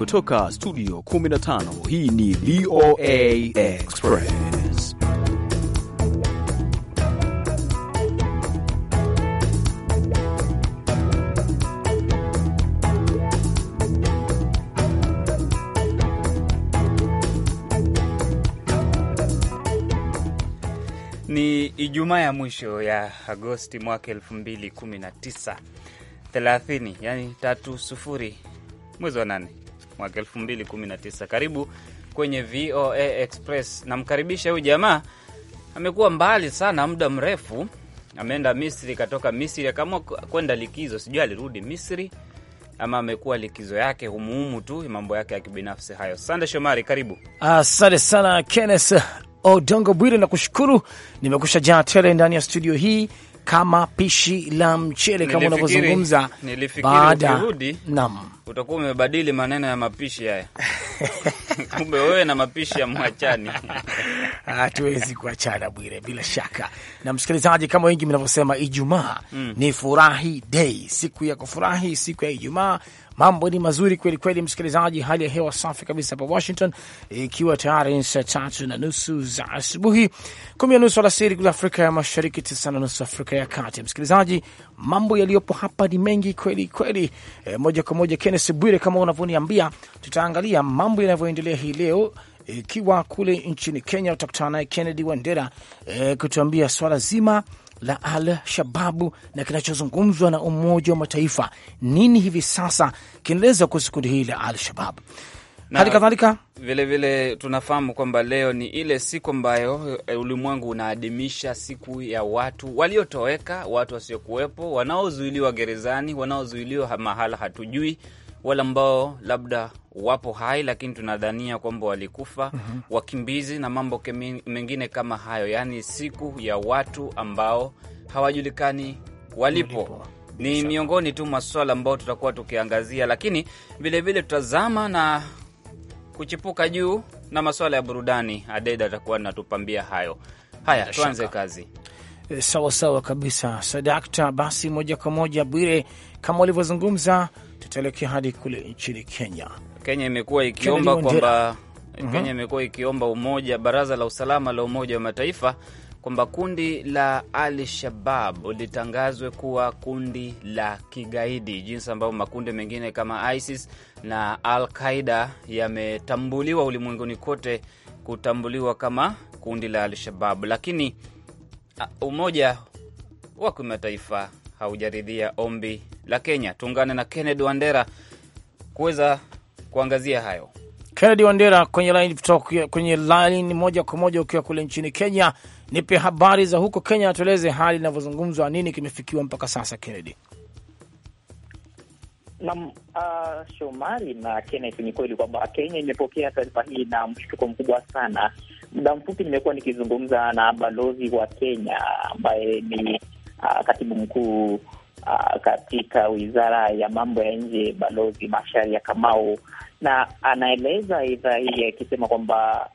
kutoka studio 15 hii ni VOA Express ni ijumaa ya mwisho ya agosti mwaka 2019 30 yani 30 mwezi wa nane mwaka 2019. Karibu kwenye VOA Express. Namkaribisha huyu jamaa, amekuwa mbali sana muda mrefu, ameenda Misri, katoka Misri akaamua kwenda likizo, sijui alirudi Misri ama amekuwa likizo yake humuhumu tu mambo yake ya kibinafsi hayo. Sande Shomari, karibu. Asante sana Kenneth Odongo Bwire, na kushukuru nimekusha jaa tele ndani ya studio hii kama pishi la mchele kama unavyozungumza. Baada naam, utakuwa umebadili maneno ya mapishi haya kumbe wewe na mapishi ya mwachani hatuwezi kuachana Bwire, bila shaka. Na msikilizaji, kama wengi mnavyosema, Ijumaa mm, ni furahi dei, siku ya kufurahi, siku ya Ijumaa Mambo ni mazuri kweli kweli, msikilizaji. Hali ya hewa safi kabisa hapa Washington, ikiwa tayari ni saa tatu na nusu za asubuhi, kumi na nusu alasiri kule Afrika ya Mashariki, tisa na nusu Afrika ya Kati. Msikilizaji, mambo yaliyopo hapa ni mengi kweli kweli. E, moja kwa moja, Kenneth Bwire, kama unavyoniambia, tutaangalia mambo yanavyoendelea hii leo ikiwa kule nchini Kenya utakutana naye Kennedy Wandera e, kutuambia swala zima la Al-Shababu na kinachozungumzwa na Umoja wa Mataifa. Nini hivi sasa kinaeleza kuhusu kundi hili la Al-Shabab? Hali kadhalika vilevile tunafahamu kwamba leo ni ile siku ambayo eh, ulimwengu unaadhimisha siku ya watu waliotoweka, watu wasiokuwepo, wanaozuiliwa gerezani, wanaozuiliwa mahala hatujui wale ambao labda wapo hai lakini tunadhania kwamba walikufa, mm -hmm. wakimbizi na mambo mengine kama hayo, yaani siku ya watu ambao hawajulikani walipo, Ni miongoni tu maswala ambao ambayo tutakuwa tukiangazia, lakini vilevile tutazama na kuchipuka juu na maswala ya burudani. Adeda atakuwa natupambia hayo. Haya, tuanze kazi. Sawasawa e, kabisa, Sadakta. Basi moja kwa moja, Bwire, kama ulivyozungumza tutaelekea hadi kule nchini Kenya. Kenya imekuwa ikiomba kwamba Kenya mhm. imekuwa ikiomba umoja baraza la usalama la Umoja wa Mataifa kwamba kundi la Al Shabab litangazwe kuwa kundi la kigaidi, jinsi ambavyo makundi mengine kama ISIS na Al Qaida yametambuliwa ulimwenguni kote kutambuliwa kama kundi la Al Shabab, lakini umoja wa kimataifa haujaridhia ombi la Kenya. Tuungane na Kennedy Wandera kuweza kuangazia hayo. Kennedy Wandera kwenye line, kwenye line moja kwa moja ukiwa kule nchini Kenya. Nipe habari za huko Kenya, atueleze hali inavyozungumzwa, nini kimefikiwa mpaka sasa Kennedy? Nam uh, ah, Shomari na Kenneth, ni kweli kwamba Kenya imepokea taarifa hii na mshtuko mkubwa sana. Muda mfupi nimekuwa nikizungumza na balozi wa Kenya ambaye ni uh, katibu mkuu uh, katika wizara ya mambo ya nje Balozi ya Kamau, na anaeleza idhaa hii akisema kwamba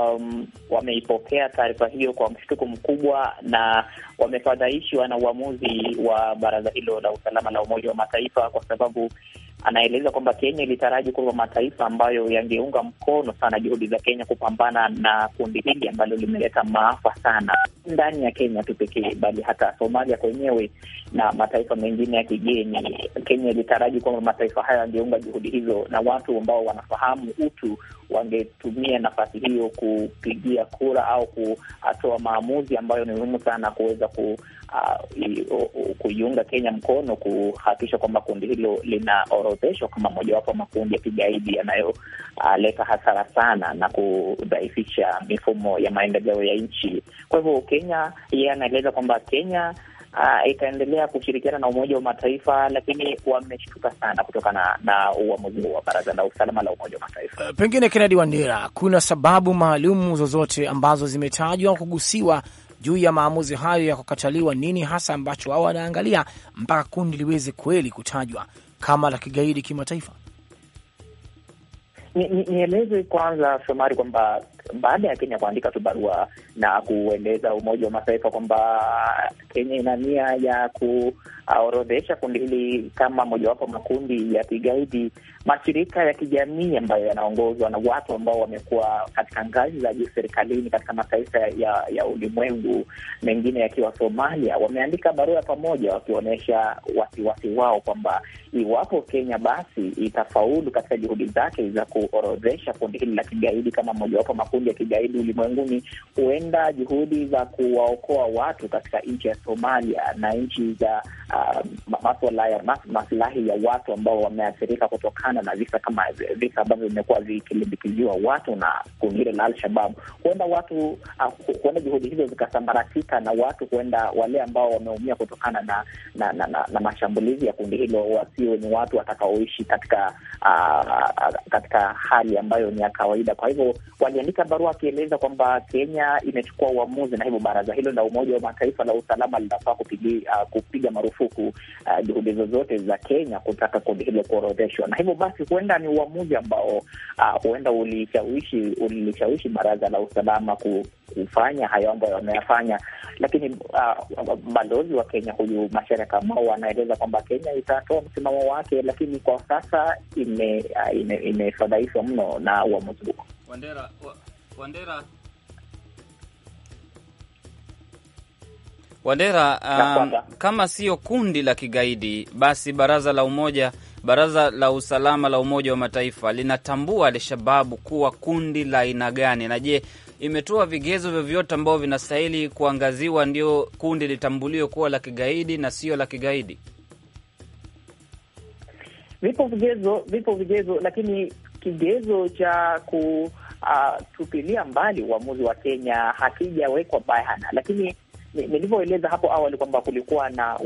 Um, wameipokea taarifa hiyo kwa mshtuko mkubwa na wamefadhaishwa na uamuzi wa baraza hilo la usalama la Umoja wa Mataifa, kwa sababu anaeleza kwamba Kenya ilitaraji kuwa mataifa ambayo yangeunga mkono sana juhudi za Kenya kupambana na kundi hili ambalo limeleta maafa sana ndani ya Kenya tu pekee, bali hata Somalia kwenyewe na mataifa mengine ya kigeni. Kenya ilitaraji kwamba mataifa hayo yangeunga juhudi hizo, na watu ambao wanafahamu utu wangetumia nafasi hiyo kupigia kura au kutoa maamuzi ambayo ni muhimu sana kuweza ku Uh, kuiunga Kenya mkono kuhakikisha kwamba kundi hilo linaorodheshwa kama mojawapo makundi ya kigaidi yanayoleta uh, hasara sana na kudhaifisha mifumo ya maendeleo ya nchi. Kwa hivyo Kenya. Yeye anaeleza kwamba Kenya uh, itaendelea kushirikiana na Umoja wa Mataifa, lakini wameshtuka sana kutokana na uamuzi wa Baraza la Usalama la Umoja wa Mataifa. Eh, pengine Kennedy Wandera, kuna sababu maalumu zozote ambazo zimetajwa kugusiwa juu ya maamuzi hayo ya kukataliwa? Nini hasa ambacho wao wanaangalia mpaka kundi liweze kweli kutajwa kama la kigaidi kimataifa? Nieleze ni, ni kwanza Shomari kwamba baada ya Kenya kuandika tu barua na kueleza Umoja wa Mataifa kwamba Kenya ina nia ya kuorodhesha kundi hili kama mojawapo makundi ya kigaidi, mashirika ya kijamii ambayo yanaongozwa na watu ambao wamekuwa katika ngazi za juu serikalini katika mataifa ya, ya ulimwengu mengine yakiwa Somalia, wameandika barua pamoja wakionyesha wasiwasi wao kwamba iwapo Kenya basi itafaulu katika juhudi zake za kuorodhesha kundi hili la kigaidi kama mojawapo makundi makundi ya kigaidi ulimwenguni, huenda juhudi za kuwaokoa watu katika nchi ya Somalia na nchi za uh, maswala ya mas, maslahi ya watu ambao wameathirika kutokana na visa kama visa ambavyo vimekuwa vikilimbikiziwa watu na kundi la al huenda watu uh, huenda juhudi hizo zikasambaratika na watu huenda wale ambao wameumia kutokana na na, na, na, na mashambulizi ya kundi hilo wasio ni watu watakaoishi katika uh, katika hali ambayo ni ya kawaida. Kwa hivyo waliandika katika barua akieleza kwamba Kenya imechukua uamuzi na hivyo baraza hilo la Umoja wa Mataifa la usalama linafaa kupiga, uh, kupiga marufuku uh, juhudi zozote za Kenya kutaka kundi hilo kuorodheshwa, na hivyo basi huenda ni uamuzi ambao uh, huenda ulishawishi ulishawishi baraza la usalama ku kufanya hayo ambayo wameyafanya, lakini uh, balozi wa Kenya huyu Macharia Kamau anaeleza kwamba Kenya itatoa msimamo wake, lakini kwa sasa imefadhaishwa uh, ime, ime mno na uamuzi huo. Wandera, Wandera, Wandera um, kama sio kundi la kigaidi basi baraza la umoja baraza la usalama la Umoja wa Mataifa linatambua Alshababu kuwa kundi la aina gani? Na je, imetoa vigezo vyovyote ambavyo vinastahili kuangaziwa ndio kundi litambuliwe kuwa la kigaidi na sio la kigaidi? Vipo vigezo, vipo vigezo, lakini kigezo cha ku uh, ah, tupilia mbali uamuzi wa Kenya, hakijawekwa bayana, lakini nilivyoeleza hapo awali kwamba kulikuwa na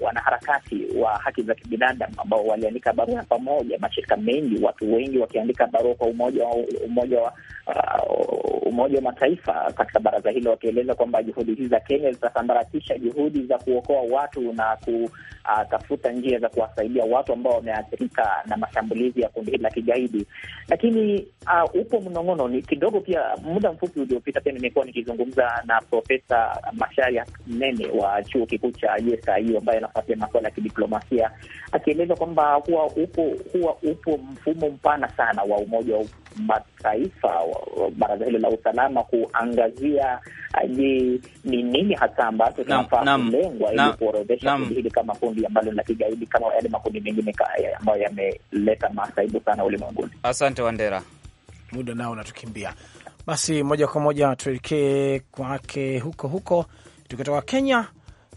wanaharakati wa, wa, wa haki za kibinadamu ambao waliandika barua pamoja, mashirika mengi, watu wengi wakiandika barua kwa umoja wa umoja wa uh, Umoja wa Mataifa katika baraza hilo, wakieleza kwamba juhudi hizi za Kenya zitasambaratisha juhudi za kuokoa watu na kutafuta uh, njia za kuwasaidia watu ambao wameathirika na mashambulizi ya kundi hili la kigaidi. Lakini uh, upo mnong'ono ni kidogo. Pia muda mfupi uliopita pia nimekuwa nikizungumza na Profesa Masha Musalia Mnene wa chuo kikuu cha USIU ambaye anafuatia masuala ya kidiplomasia, akieleza kwamba huwa upo huwa upo mfumo mpana sana wa Umoja wa Mataifa, baraza hilo la usalama kuangazia ah, je, ni nini hasa ambacho tunafaa kulengwa ili kuorodhesha kundi hili kama kundi ambalo la kigaidi kama yale makundi mengine ambayo yameleta masaibu sana ulimwenguni. Asante Wandera, muda nao unatukimbia. Basi moja kwa moja tuelekee kwake huko huko Tukitoka Kenya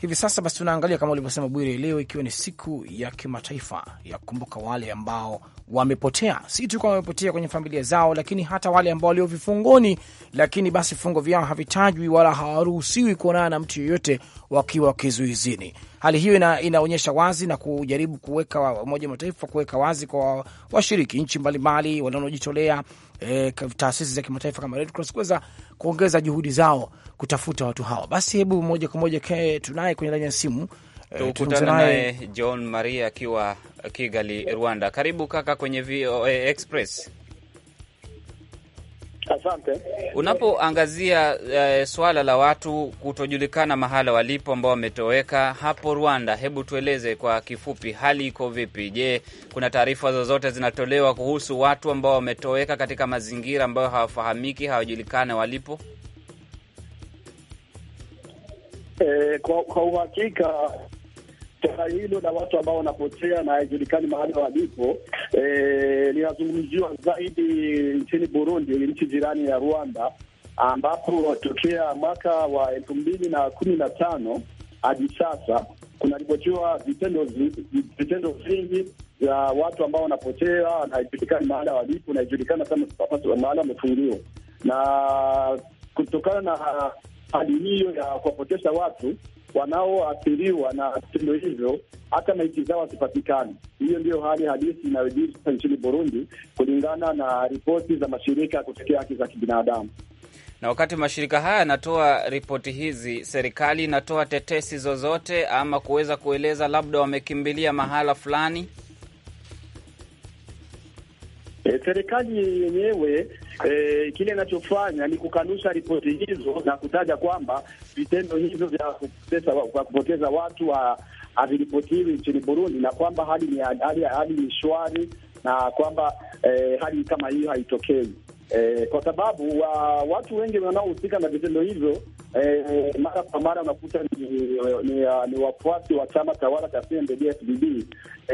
hivi sasa, basi tunaangalia kama ulivyosema Bwire, leo ikiwa ni siku ya kimataifa ya kukumbuka wale ambao wamepotea, si tu kwa wamepotea kwenye familia zao, lakini hata wale ambao walio vifungoni, lakini basi vifungo vyao havitajwi wala hawaruhusiwi kuonana na mtu yeyote wakiwa kizuizini. Hali hiyo ina, inaonyesha wazi na kujaribu kuweka Umoja wa Mataifa kuweka wazi kwa washiriki nchi mbalimbali wanaojitolea e, taasisi za kimataifa kama Red Cross kuweza kuongeza juhudi zao kutafuta watu hawa. Basi hebu moja kwa moja tunaye kwenye laini ya simu eh, tukutana naye John Maria akiwa Kigali, Rwanda. Karibu kaka kwenye VOA Express. Asante. Unapoangazia uh, swala la watu kutojulikana mahala walipo ambao wametoweka hapo Rwanda, hebu tueleze kwa kifupi, hali iko vipi? Je, kuna taarifa zozote zinatolewa kuhusu watu ambao wametoweka katika mazingira ambayo hawafahamiki, hawajulikana walipo? E, kwa, kwa uhakika swala hilo la watu ambao wanapotea na haijulikani mahali walipo e, linazungumziwa zaidi nchini Burundi, nchi jirani ya Rwanda, ambapo tokea mwaka wa elfu mbili na kumi na tano hadi sasa kunaripotiwa vitendo vitendo vingi vya watu ambao wanapotea na haijulikani mahali walipo, na haijulikana kama mahali wamefungiwa. Na kutokana na hali hiyo ya kuwapotesha watu wanaoathiriwa na vitendo hivyo hata maiti zao hazipatikani. Hiyo ndiyo hali halisi inayojiri sasa nchini Burundi, kulingana na ripoti za mashirika ya kutetea haki za kibinadamu. Na wakati mashirika haya yanatoa ripoti hizi, serikali inatoa tetesi zozote ama kuweza kueleza labda wamekimbilia mahala fulani? E, serikali yenyewe e, kile inachofanya ni kukanusha ripoti hizo na kutaja kwamba vitendo hivyo vya kupoteza watu haviripotiwi nchini Burundi na kwamba hali ni hali, hali ni shwari na kwamba e, hali kama hiyo haitokei. E, kwa sababu wa, watu wengi wanaohusika na vitendo hivyo e, mara kwa mara unakuta ni, ni, ni, ni wafuasi wa chama tawala cha CNDD-FDD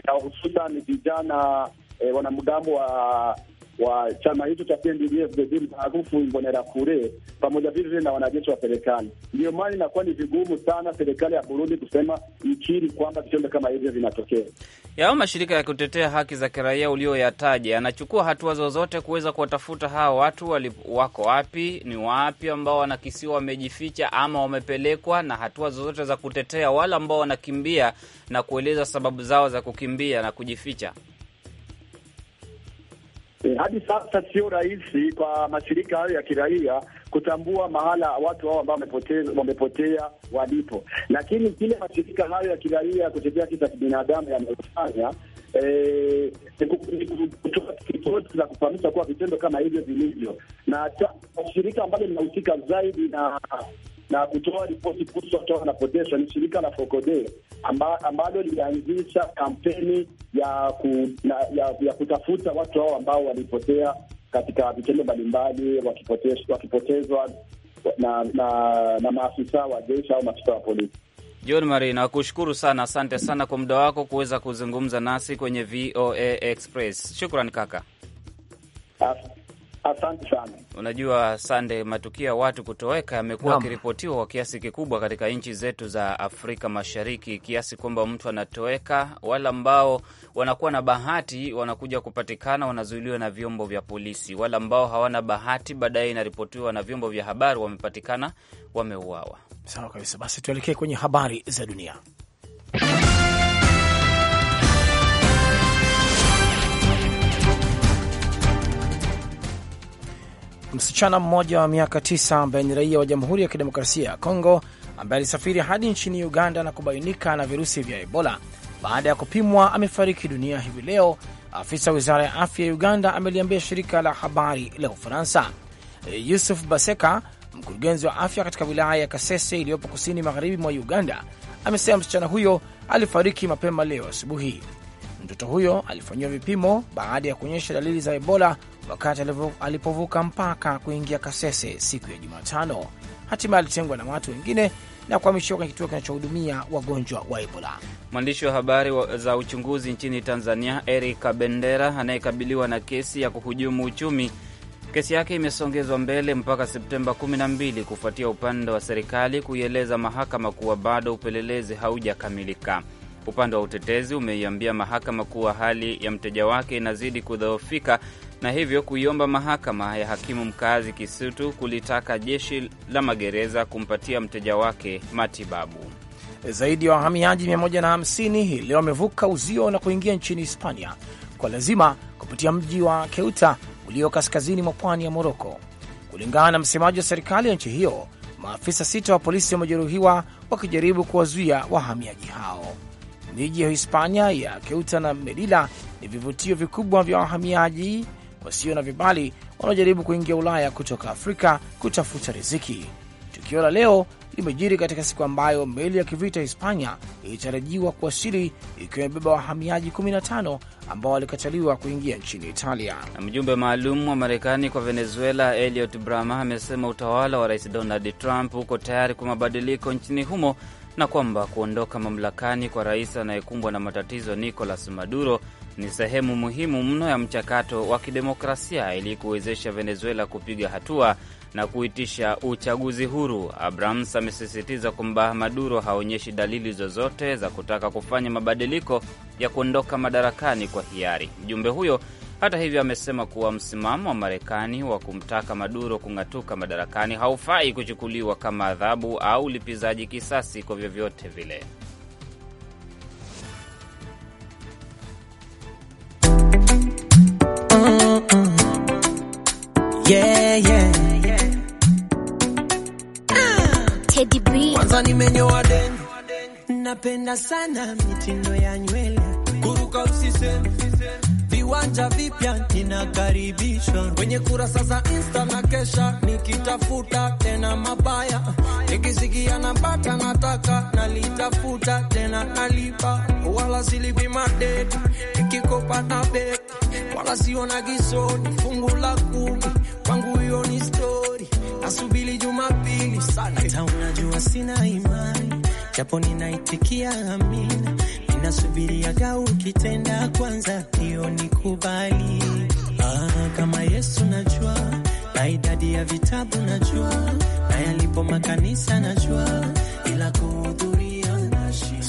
na hususan vijana e, eh, wanamgambo wa wa chama hicho cha CNDD-FDD maarufu Imbonerakure pamoja vile vile na wanajeshi wa serikali. Ndio maana inakuwa ni vigumu sana serikali ya Burundi kusema ikiri kwamba vitendo kama hivyo vinatokea. Yao mashirika ya kutetea haki za kiraia ulioyataja yanachukua hatua zozote kuweza kuwatafuta hawa watu wali, wako wapi, ni wapi ambao wanakisiwa wamejificha ama wamepelekwa, na hatua zozote za kutetea wale ambao wanakimbia na kueleza sababu zao za kukimbia na kujificha. E, hadi sasa sio rahisi kwa mashirika hayo ya kiraia kutambua mahala watu hao ambao wamepotea walipo, lakini kile mashirika hayo ya kiraia ya kutetea haki za kibinadamu yanayofanya eh, kutoa ripoti za kufahamisha kuwa vitendo kama hivyo vilivyo, na shirika ambalo linahusika zaidi na na kutoa ripoti kuhusu watoto wanapotezwa ni shirika la Fokode amba, ambalo lilianzisha kampeni ya, ku, na, ya, ya kutafuta watu hao ambao walipotea katika vitendo mbalimbali wakipotezwa na, na, na maafisa wa jeshi au maafisa wa polisi. John Mari, nakushukuru sana, asante sana kwa muda wako kuweza kuzungumza nasi kwenye VOA Express. Shukran kaka As Asante sana. Unajua Sande, matukio ya watu kutoweka yamekuwa akiripotiwa kwa kiasi kikubwa katika nchi zetu za Afrika Mashariki, kiasi kwamba mtu anatoweka, wale ambao wanakuwa na bahati wanakuja kupatikana, wanazuiliwa na vyombo vya polisi, wale ambao hawana bahati, baadaye inaripotiwa na vyombo vya habari wamepatikana wameuawa. Sawa kabisa. Basi tuelekee kwenye habari za dunia. msichana mmoja wa miaka tisa ambaye ni raia wa Jamhuri ya Kidemokrasia ya Kongo ambaye alisafiri hadi nchini Uganda na kubainika na virusi vya Ebola baada ya kupimwa amefariki dunia hivi leo, afisa wa wizara ya afya ya Uganda ameliambia shirika la habari la Ufaransa. Yusuf Baseka, mkurugenzi wa afya katika wilaya ya Kasese iliyopo kusini magharibi mwa Uganda, amesema msichana huyo alifariki mapema leo asubuhi. Mtoto huyo alifanyiwa vipimo baada ya kuonyesha dalili za Ebola wakati alipovuka mpaka kuingia Kasese siku ya Jumatano. Hatimaye alitengwa na watu wengine na kuhamishiwa kwenye kituo kinachohudumia wagonjwa wa Ebola. Mwandishi wa habari za uchunguzi nchini Tanzania Eric Kabendera anayekabiliwa na kesi ya kuhujumu uchumi, kesi yake imesongezwa mbele mpaka Septemba 12 kufuatia upande wa serikali kuieleza mahakama kuwa bado upelelezi haujakamilika. Upande wa utetezi umeiambia mahakama kuwa hali ya mteja wake inazidi kudhoofika na hivyo kuiomba mahakama ya hakimu mkazi Kisutu kulitaka jeshi la magereza kumpatia mteja wake matibabu. Zaidi ya wa wahamiaji 150 hii leo wamevuka uzio na kuingia nchini Hispania kwa lazima kupitia mji wa Keuta ulio kaskazini mwa pwani ya Moroko, kulingana na msemaji wa serikali ya nchi hiyo. Maafisa sita wa polisi wamejeruhiwa wakijaribu kuwazuia wahamiaji hao. Miji ya Hispania ya Keuta na medila ni vivutio vikubwa vya wahamiaji wasio na vibali wanaojaribu kuingia Ulaya kutoka Afrika kutafuta riziki. Tukio la leo limejiri katika siku ambayo meli ya kivita Hispania ilitarajiwa kuwasili ikiwa imebeba wahamiaji 15 ambao walikataliwa kuingia nchini Italia. Na mjumbe maalum wa Marekani kwa Venezuela Eliot Brahma amesema utawala wa Rais Donald Trump uko tayari kwa mabadiliko nchini humo na kwamba kuondoka mamlakani kwa rais anayekumbwa na matatizo Nicolas Maduro ni sehemu muhimu mno ya mchakato wa kidemokrasia ili kuwezesha Venezuela kupiga hatua na kuitisha uchaguzi huru. Abrams amesisitiza kwamba Maduro haonyeshi dalili zozote za kutaka kufanya mabadiliko ya kuondoka madarakani kwa hiari. Mjumbe huyo hata hivyo amesema kuwa msimamo wa Marekani wa kumtaka Maduro kung'atuka madarakani haufai kuchukuliwa kama adhabu au ulipizaji kisasi kwa vyovyote vile. Yeah, yeah, yeah. Teddy Kwanza nimenyoa deni, napenda sana mitindo ya nywele, kuruka usiseme, viwanja vipya ninakaribishwa kwenye kurasa za Insta na kesha, nikitafuta tena mabaya, nikisikia nambata nataka nalitafuta tena nalipa, wala silipi madeni, nikikopa na beba wala siona gisoni, fungu la kumi kwangu hiyo ni stori, nasubiri Jumapili sana. Hata unajua sina imani, japo ninaitikia amina, ninasubiria gau kitenda kwanza, hiyo ni kubali. Ah, kama Yesu najua, na idadi ya vitabu najua, na yalipo makanisa najua, ila ku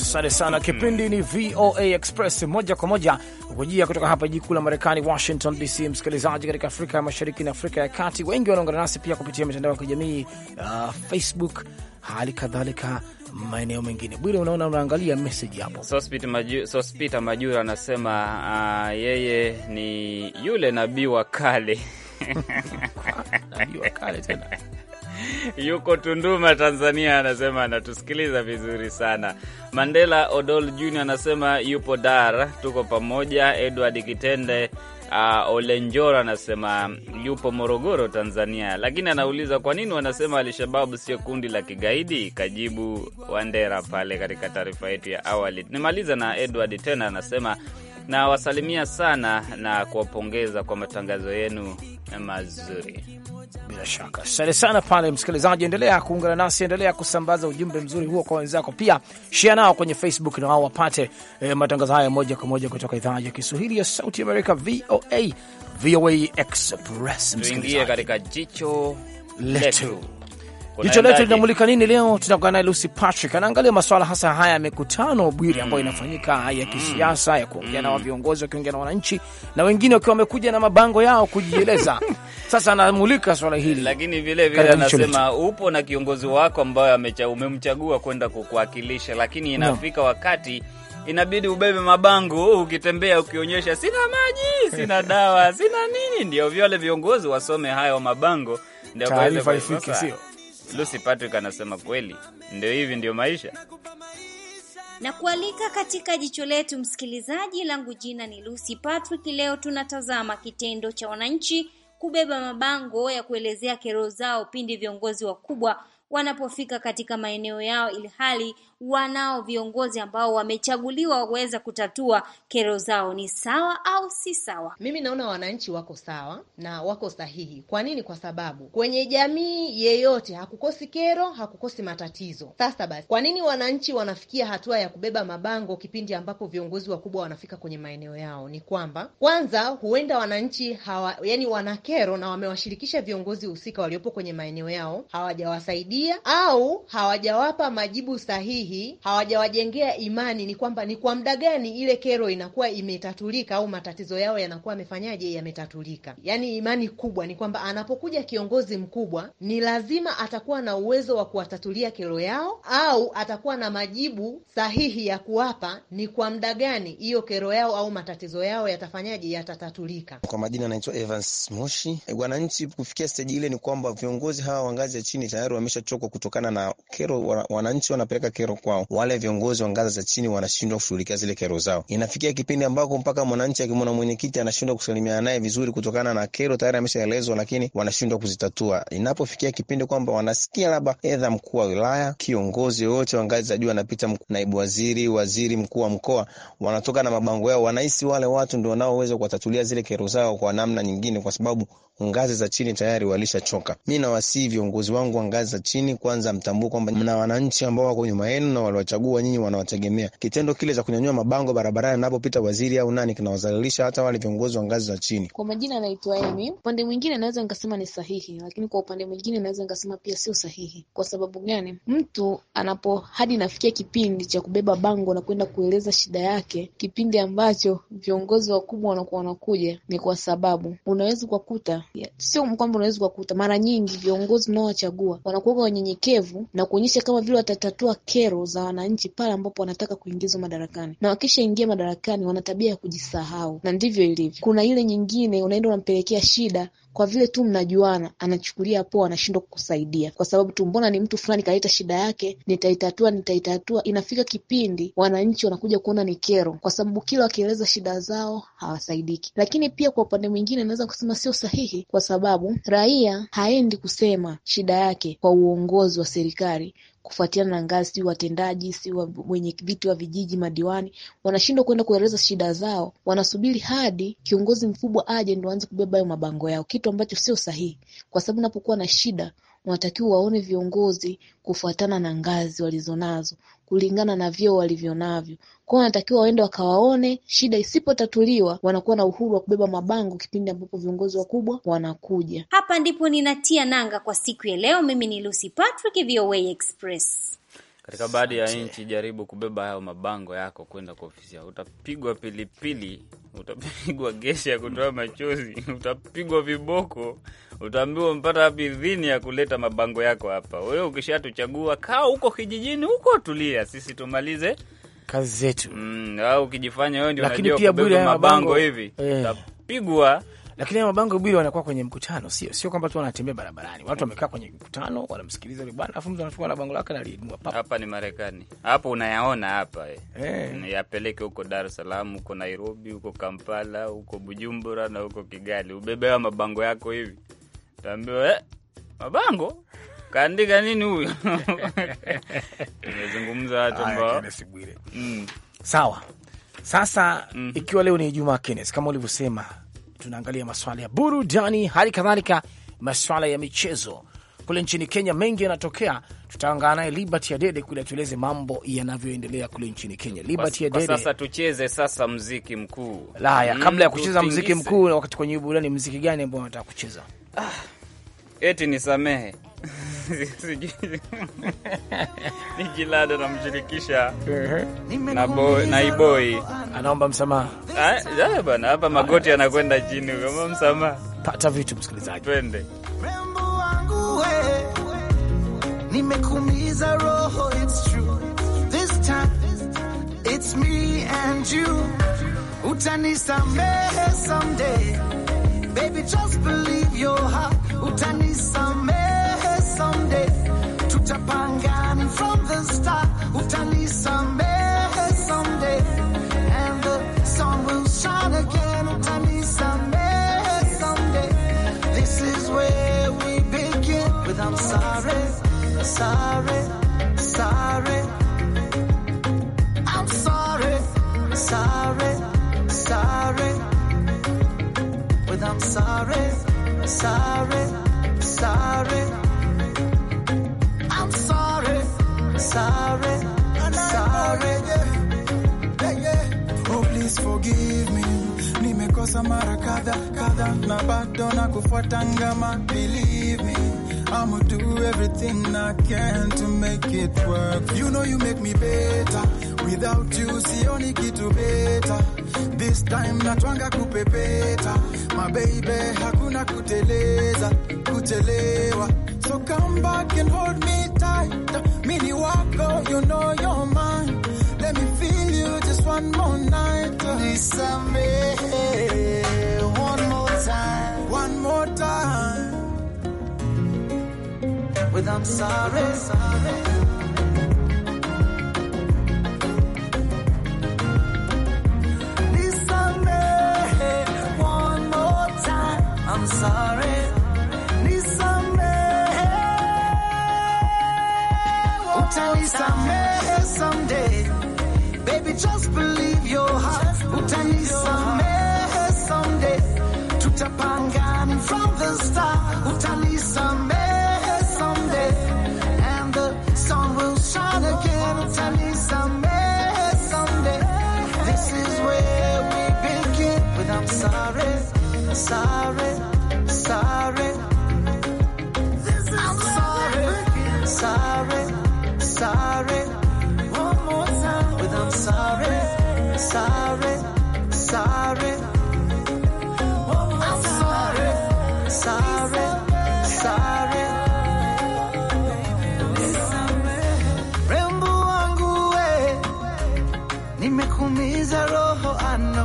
Asante sana. Kipindi ni VOA Express moja kwa moja ukujia kutoka hapa jiji kuu la Marekani, Washington DC. Msikilizaji katika Afrika ya Mashariki na Afrika ya Kati, wengi wanaungana nasi pia kupitia mitandao ya kijamii uh, Facebook hali kadhalika maeneo mengine. Bwire, unaona unaangalia meseji hapo. Sospita Majura anasema uh, yeye ni yule nabii wa kale nabii wa kale tena yuko Tunduma, Tanzania, anasema anatusikiliza vizuri sana. Mandela Odol Junior anasema yupo Dar, tuko pamoja. Edward Kitende Uh, Olenjora anasema yupo Morogoro, Tanzania, lakini anauliza kwa nini wanasema Alshababu sio kundi la kigaidi. Kajibu Wandera pale katika taarifa yetu ya awali. Nimaliza na Edward tena, anasema nawasalimia sana na kuwapongeza kwa matangazo yenu mazuri. Bila shaka, asante sana pale msikilizaji, endelea kuungana nasi, endelea kusambaza ujumbe mzuri huo kwa wenzako, pia share nao kwenye Facebook na wao wapate eh, matangazo haya moja kwa moja kutoka idhaa ya Kiswahili ya Sauti Amerika, VOA, VOA Express. Tuingie katika jicho letu. Jicho letu linamulika nini leo? Tunakuwa naye Lucy Patrick anaangalia masuala hasa haya ya mikutano bwiri ambayo mm. inafanyika ya mm. kisiasa ya kuongea na mm. viongozi wakiongea na wananchi na wengine wakiwa wamekuja na mabango yao kujieleza. Sasa anamulika swala hili, lakini vile vile anasema upo na kiongozi wako ambayo umemchagua kwenda kukuwakilisha, lakini inafika no. wakati inabidi ubebe mabango ukitembea, ukionyesha sina maji, sina dawa, sina nini. Ndio vyole viongozi wasome hayo mabango, ndio taarifa ifike, sio Lucy Patrick anasema kweli, ndio hivi, ndio maisha. Na kualika katika jicho letu, msikilizaji, langu jina ni Lucy Patrick. Leo tunatazama kitendo cha wananchi kubeba mabango ya kuelezea kero zao pindi viongozi wakubwa wanapofika katika maeneo yao, ili hali wanao viongozi ambao wamechaguliwa waweza kutatua kero zao, ni sawa au si sawa? Mimi naona wananchi wako sawa na wako sahihi. Kwa nini? Kwa sababu kwenye jamii yeyote hakukosi kero, hakukosi matatizo. Sasa basi, kwa nini wananchi wanafikia hatua ya kubeba mabango kipindi ambapo viongozi wakubwa wanafika kwenye maeneo yao? Ni kwamba kwanza, huenda wananchi hawa, yani wana kero na wamewashirikisha viongozi husika waliopo kwenye maeneo yao, hawajawasaidia au hawajawapa majibu sahihi sahihi hawajawajengea imani, ni kwamba ni kwa muda gani ile kero inakuwa imetatulika au matatizo yao yanakuwa amefanyaje yametatulika. Yaani imani kubwa ni kwamba anapokuja kiongozi mkubwa, ni lazima atakuwa na uwezo wa kuwatatulia kero yao, au atakuwa na majibu sahihi ya kuwapa, ni kwa muda gani hiyo kero yao au matatizo yao yatafanyaje, yatatatulika. Kwa majina anaitwa Evans Moshi. Eh, wananchi kufikia steji ile ni kwamba viongozi hawa wa ngazi ya chini tayari wameshachoka kutokana na kero, wananchi wanapeleka kero kwao, wale viongozi wa ngazi za chini wanashindwa kushughulikia zile kero zao. Inafikia kipindi ambako mpaka mwananchi akimwona mwenyekiti anashindwa kusalimiana naye vizuri kutokana na kero tayari ameshaelezwa, lakini wanashindwa kuzitatua. Inapofikia kipindi kwamba wanasikia labda edha mkuu wa wilaya, kiongozi yoyote wa ngazi za juu anapita, naibu waziri, waziri mkuu wa mkoa, wanatoka na mabango yao, wanahisi wale watu ndio wanaoweza kuwatatulia zile kero zao kwa namna nyingine, kwa sababu ngazi za chini tayari walishachoka. Mi nawasihi viongozi wangu wa ngazi za chini, kwanza mtambue kwamba mna wananchi ambao wako nyuma yenu wenu na waliwachagua nyinyi, wanawategemea. Kitendo kile cha kunyanyua mabango barabarani anapopita waziri au nani kinawazalilisha hata wale viongozi wa ngazi za chini. Kwa majina anaitwa Emi. Upande mwingine naweza nikasema ni sahihi, lakini kwa upande mwingine naweza nikasema pia sio sahihi. Kwa sababu gani? Mtu anapo hadi inafikia kipindi cha kubeba bango na kwenda kueleza shida yake, kipindi ambacho viongozi wakubwa wanakuwa wanakuja, ni kwa sababu unaweza ukakuta, sio kwamba unaweza ukakuta, mara nyingi viongozi unaowachagua wanakuwa wanyenyekevu na kuonyesha kama vile watatatua kero kero za wananchi pale ambapo wanataka kuingizwa madarakani, na wakishaingia madarakani wana tabia ya kujisahau, na ndivyo ilivyo. Kuna ile nyingine unaenda unampelekea shida kwa vile tu mnajuana, anachukulia poa, anashindwa kukusaidia kwa sababu tu mbona ni mtu fulani kaleta shida yake, nitaitatua nitaitatua. Inafika kipindi wananchi wanakuja kuona ni kero, kwa sababu kila wakieleza shida zao hawasaidiki. Lakini pia kwa upande mwingine naweza kusema sio sahihi, kwa sababu raia haendi kusema shida yake kwa uongozi wa serikali, kufuatiana na ngazi, si watendaji, si viti wa vijiji, madiwani, wanashindwa kwenda kueleza shida zao, wanasubiri hadi kiongozi mkubwa aje ndo aanze kubeba hayo mabango yao, kitu ambacho sio sahihi, kwa sababu unapokuwa na shida unatakiwa waone viongozi kufuatana na ngazi walizonazo kulingana na vyeo navyo kwao wanatakiwa waende wakawaone shida isipotatuliwa wanakuwa na uhuru wa kubeba mabango kipindi ambapo viongozi wakubwa wanakuja hapa ndipo ninatia nanga kwa siku ya leo mimi ni Lucy Patrick VOA Express katika baadhi ya nchi. Jaribu kubeba hayo mabango yako kwenda kwa ofisi yao, utapigwa pilipili, utapigwa gesi ya kutoa machozi, utapigwa viboko, utaambiwa mpata hapa idhini ya kuleta mabango yako hapa. Wewe ukishatuchagua, kaa huko kijijini huko, tulia, sisi tumalize kazi zetu. Mm, au ukijifanya wewe ndio unajua kubeba mabango hivi, eh. utapigwa lakini haya mabango bila wanakuwa kwenye mkutano, sio sio kwamba tu wanatembea barabarani. Watu wamekaa kwenye mkutano, wanamsikiliza yule bwana, afu mtu anachukua na bango lake na liinua papa. Hapa ni Marekani, hapo unayaona hapa eh. Hey. Eh. Yapeleke huko Dar es Salaam, huko Nairobi, huko Kampala, huko Bujumbura na huko Kigali, ubebe mabango yako hivi, taambiwa eh, mabango kaandika nini huyo? Tumezungumza watu ambao mm. sawa. Sasa mm -hmm. Ikiwa leo ni Ijumaa, Kenes, kama ulivyosema tunaangalia maswala ya burudani, hali kadhalika maswala ya michezo kule nchini Kenya. Mengi yanatokea, tutaangana naye Liberty Adede kule atueleze mambo yanavyoendelea kule nchini Kenya. Liberty Adede, sasa tucheze sasa mziki mkuu. Laya, mm, kabla ya kucheza mziki mkuu, wakati kwenye burudani, mziki gani ambao unataka kucheza? Ah, eti nisamehe Nijilado namshirikisha na na boy naiboi anaomba msamaha ah, bana, hapa magoti yanakwenda chini, kama msamaha. Pata vitu, msikilizaji, twende. Rembo wangu we, nimekumiza roho, it's true this time it's me and you, utanisamehe someday baby, just believe your heart, utanisamehe someday. Tutapangani from the start, you someday. And the sun will shine again, utanisamehe someday. This is where we begin with I'm sorry, sorry, sorry. I'm sorry, sorry, sorry. With I'm sorry, sorry, sorry. Sorry, oh, Nimekosa mara kadha kadha na bado na kufuatanga ma believe me. I'ma do everything I can to make it work. You know you make me better. Without you sioni kitu better. This time natwanga kupepeta. My baby hakuna kuteleza, kuchelewa. So come back and hold me tight. you know you're mine. Let me feel you just one more night. Lisa one more time, one more time. With Without sorry, sorry. just believe your heart. will tell you Nimekuumiza roho ano,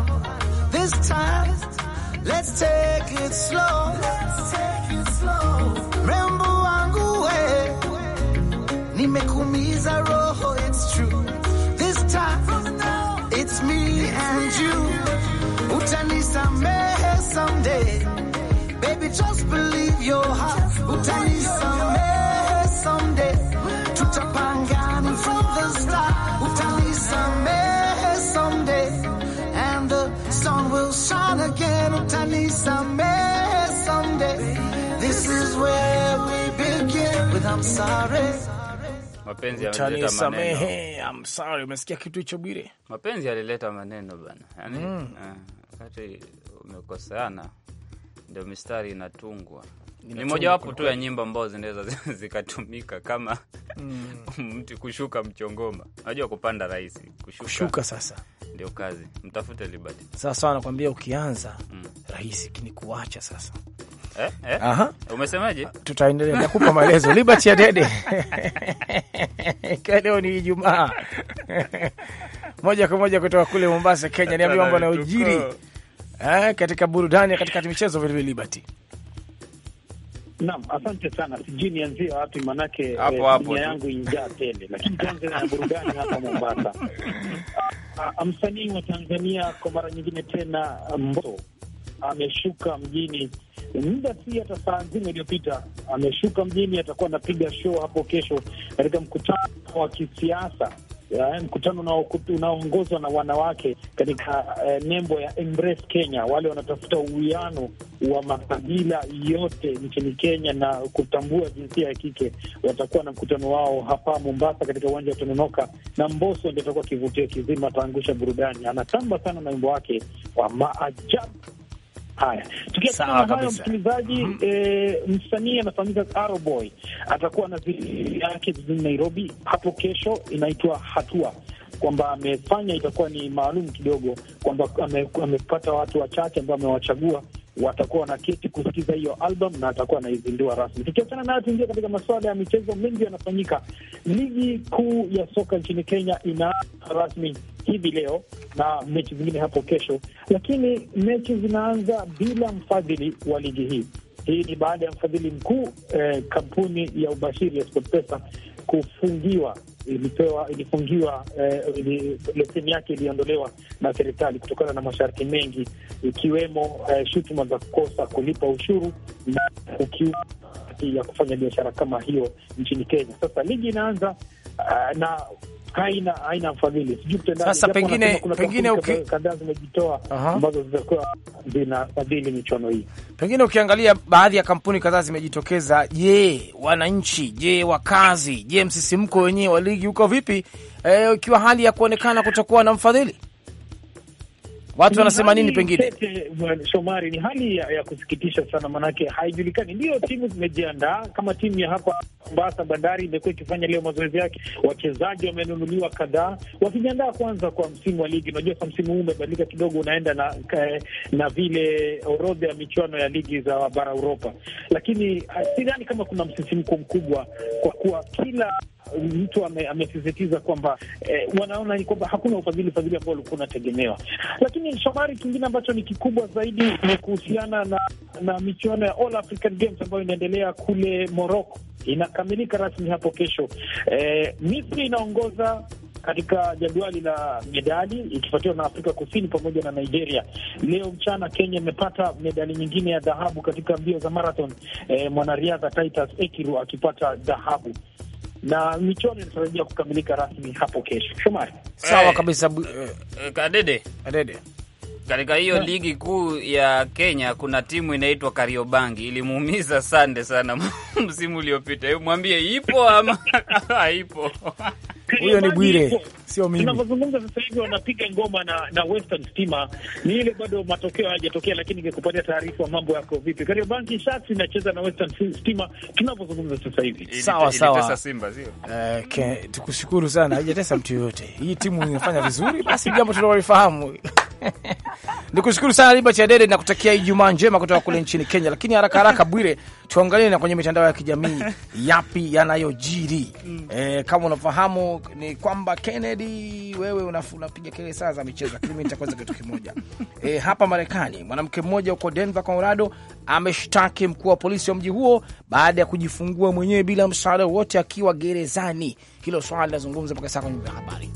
this time let's take it slow, mrembo wangu we, nimekuumiza roho, it's true, this time it's me and you, utanisamehe someday, baby just believe your heart, utanisamehe someday, tutapangana from the start, utanisamehe Mapenzi yameleta maneno. I'm sorry, umesikia kitu hicho Bwire? Mapenzi yalileta maneno bana. Yaani, mm. Eh, wakati umekoseana ndio mistari inatungwa. Ni mojawapo tu ya nyimbo ambazo zinaweza zikatumika kama mm. kushuka mchongoma. najua kupanda rahisi, kushuka. Kushuka sasa ndio kazi. Mtafute libati. Sasa nakwambia ukianza mm. rahisi ni kuacha sasa eh, eh? Aha. Umesemaje? Tutaendelea nakupa maelezo Liberty ya Dede leo ni Ijumaa moja kwa moja kutoka kule Mombasa, Kenya. Niambia mambo yanayojiri eh, katika burudani, katika michezo vilevile Liberty. Naam, asante sana. Sijui nianzie wapi manake eh, yangu injaa tele, lakini tuanze na burudani hapa Mombasa. Ah, msanii wa Tanzania kwa mara nyingine tena, Mbosso ameshuka mjini muda si hata saa nzima iliyopita ameshuka mjini, atakuwa anapiga show hapo kesho katika mkutano wa kisiasa mkutano unaoongozwa na wanawake katika eh, nembo ya Embrace Kenya, wale wanatafuta uwiano wa makabila yote nchini Kenya na kutambua jinsia ya kike. Watakuwa na mkutano wao hapa Mombasa katika uwanja wa Tononoka, na mboso ndio atakuwa kivutio kizima, ataangusha burudani. Anatamba sana na wimbo wake wa maajabu. Haya, tukiachana na hayo msikilizaji, mhm. eh, msanii anafahamika Aroboy atakuwa na video yake jijini Nairobi hapo kesho, inaitwa Hatua, kwamba amefanya itakuwa ni maalum kidogo, kwamba amepata watu wachache ambao amewachagua watakuwa wanaketi kusikiza hiyo album na atakuwa anaizindua rasmi. Tukiachana nayo, tuingia katika masuala ya michezo. Mengi yanafanyika. Ligi kuu ya soka nchini Kenya ina rasmi hivi leo na mechi zingine hapo kesho, lakini mechi zinaanza bila mfadhili wa ligi hii. Hii ni baada ya mfadhili mkuu eh, kampuni ya ubashiri ya SportPesa kufungiwa ilipewa ilifungiwa eh, leseni yake iliondolewa na serikali kutokana na masharti mengi ikiwemo eh, shutuma za kukosa kulipa ushuru na kukiuka ya kufanya biashara kama hiyo nchini Kenya. Sasa ligi inaanza uh, na haina haina mfadhili, sijui kutendaje. Sasa pengine pengine kadhaa zimejitoa ambazo zitakuwa zinafadhili michuano hii. Pengine ukiangalia baadhi ya kampuni kadhaa zimejitokeza. Je, wananchi, je, wakazi, je, msisimko wenyewe wa ligi uko vipi eh, ikiwa e, hali ya kuonekana kutokuwa na mfadhili? watu wanasema nini? Pengine Shomari, ni hali ya, ya kusikitisha sana, maanake haijulikani. Ndio timu zimejiandaa kama timu ya hapa Mombasa, Bandari imekuwa ikifanya leo mazoezi yake, wachezaji wamenunuliwa kadhaa, wakijiandaa kwanza kwa msimu wa ligi. Unajua, sa msimu huu umebadilika kidogo, unaenda na eh, na vile orodha ya michuano ya ligi za bara Uropa, lakini ah, sidhani kama kuna msisimko mkubwa kwa kuwa kila mtu amesisitiza ame kwamba eh, wanaona ni kwamba hakuna ufadhili fadhili ambao ulikuwa unategemewa. Lakini shomari kingine ambacho ni kikubwa zaidi ni kuhusiana na, na michuano ya All African Games ambayo inaendelea kule Morocco, inakamilika rasmi hapo kesho. Eh, Misri inaongoza katika jadwali la medali ikifuatiwa na Afrika Kusini pamoja na Nigeria. Leo mchana Kenya imepata medali nyingine ya dhahabu katika mbio za marathon, eh, mwanariadha Titus Ekiru akipata dhahabu na michuano inatarajia kukamilika rasmi hapo kesho. Shomari, sawa kabisa. Eh, eh, Kadede, Kadede katika hiyo yeah. ligi kuu ya Kenya kuna timu inaitwa Kariobangi, ilimuumiza Sande sana msimu uliopita. Mwambie ipo ama haipo? Huyo ni Bwire, sio mimi. Tunavyozungumza sasa hivi wanapiga ngoma na, na Western Stima. Ni ile bado matokeo hayajatokea, lakini ningekupatia taarifa mambo yako vipi. Kariobangi sasa inacheza na Western Stima tunavyozungumza sasa hivi. Sawa sawa, Simba sio? Okay, eh, tukushukuru sana, haijatesa mtu yoyote. Hii timu inafanya vizuri, basi jambo tunalofahamu Nikushukuru sana Liba Chadede na kutakia Ijumaa njema kutoka kule nchini Kenya. Lakini haraka haraka, Bwire, tuangalie na kwenye mitandao ya kijamii yapi yanayojiri. Mm. E, kama unafahamu ni kwamba Kennedy, wewe unapiga kelele sana za michezo, lakini mi nitakuweza kitu kimoja. E, hapa Marekani mwanamke mmoja huko Denver, Colorado ameshtaki mkuu wa polisi wa mji huo baada ya kujifungua mwenyewe bila msaada wowote akiwa gerezani. Hilo swala linazungumza mpaka sasa kwenye habari.